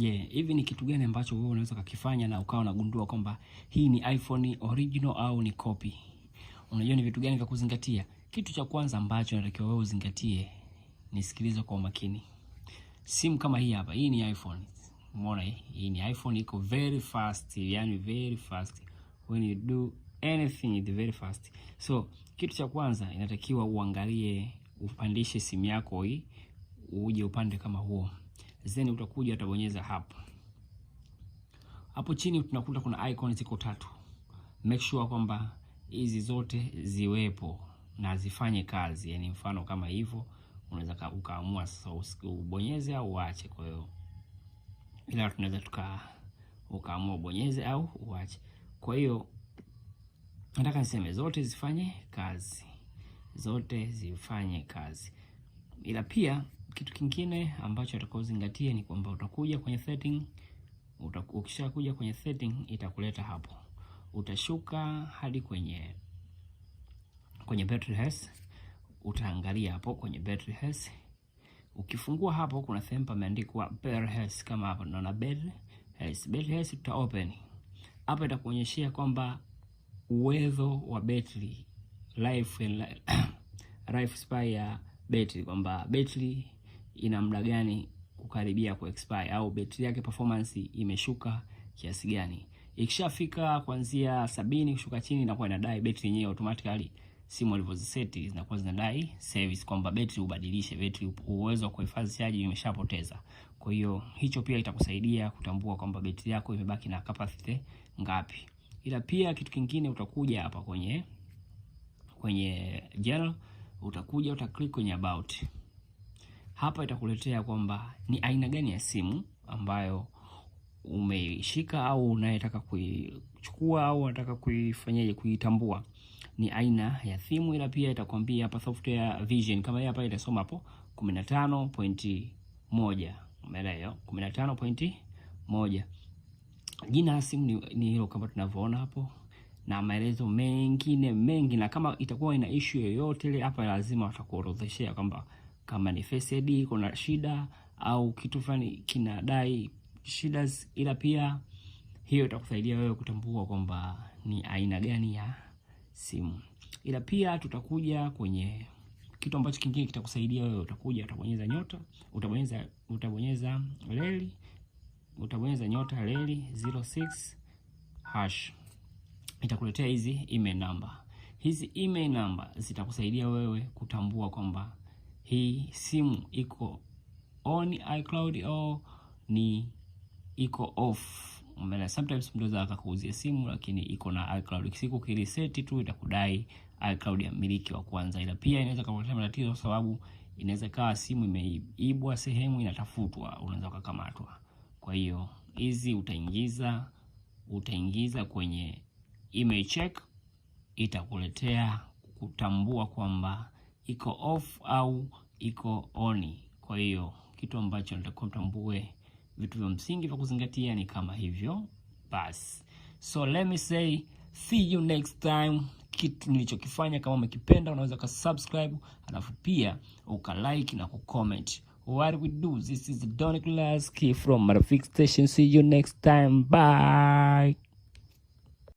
Je, yeah, hivi ni kitu gani ambacho wewe unaweza kukifanya na ukawa unagundua kwamba hii ni iPhone original au ni copy? Unajua ni vitu gani vya kuzingatia? Kitu cha kwanza ambacho unatakiwa wewe uzingatie, nisikilize kwa umakini. Simu kama hii hapa, hii ni iPhone. Umeona hii? Hii ni iPhone iko very fast, yani very fast. When you do anything it very fast. So, kitu cha kwanza inatakiwa uangalie upandishe simu yako hii uje upande kama huo then utakuja utabonyeza hapo. Hapo chini tunakuta kuna icon ziko tatu. Make sure kwamba hizi zote ziwepo na zifanye kazi, yani mfano kama hivyo unaweza ukaamua sasa ubonyeze au uache. Kwa hiyo ila tunaweza tuka ukaamua ubonyeze au uache. Kwa hiyo nataka niseme zote zifanye kazi, zote zifanye kazi, ila pia kitu kingine ambacho utakuwa uzingatie ni kwamba utakuja kwenye setting, kuja kwenye setting itakuleta hapo, utashuka hadi kwenye kwenye battery health, utaangalia hapo kwenye battery health. Ukifungua hapo, kuna sehemu pameandikwa battery health, kama hapo naona battery health. Battery health tuta open hapo, itakuonyeshia kwamba uwezo wa battery life and life spy ya battery kwamba battery ina muda gani kukaribia ku expire au betri yake performance imeshuka kiasi gani. Ikishafika kuanzia sabini kushuka chini, inakuwa inadai betri yenyewe automatically, simu alivyoziseti zinakuwa zinadai service kwamba betri ubadilishe betri, uwezo wa kuhifadhi chaji imeshapoteza. Kwa hiyo hicho pia itakusaidia kutambua kwamba betri yako imebaki na capacity ngapi. Ila pia kitu kingine, utakuja hapa kwenye kwenye general utakuja utaklik kwenye about hapa itakuletea kwamba ni aina gani ya simu ambayo umeishika au unayetaka kuichukua au unataka kuifanyaje, kuitambua ni aina ya simu, ila pia itakwambia hapa software vision kama hapa itasoma hapo 15.1, umeelewa? 15.1. Jina la simu ni, ni hilo kama tunavyoona hapo na maelezo mengine mengi, na kama itakuwa ina issue yoyote ile hapa lazima watakuorodheshea kwamba kama ni Face ID kuna shida au kitu fulani kinadai shida, ila pia hiyo itakusaidia wewe kutambua kwamba ni aina gani ya simu. Ila pia tutakuja kwenye kitu ambacho kingine kitakusaidia wewe. Utakuja utabonyeza nyota, utabonyeza utabonyeza leli, utabonyeza nyota reli 06 hash, itakuletea hizi email number. Hizi email number zitakusaidia wewe kutambua kwamba hii simu iko on iCloud au ni iko off. Umeona, sometimes mtu anaweza akakuuzia simu lakini iko na iCloud. Siku kiliseti tu itakudai iCloud ya mmiliki wa kwanza, ila pia inaweza kukuletea matatizo, kwa sababu inaweza kawa simu imeibwa sehemu inatafutwa, unaweza ukakamatwa. Kwa hiyo hizi utaingiza utaingiza kwenye email check, itakuletea kutambua kwamba iko off au iko oni. Kwa hiyo kitu ambacho nitakuwa mtambue, vitu vya msingi vya kuzingatia ni kama hivyo basi. So let me say see you next time. Kitu nilichokifanya kama umekipenda, unaweza ukasubscribe, alafu pia ukalike na kucomment. What we do, this is Don Class from Marafiki Station. See you next time. Bye.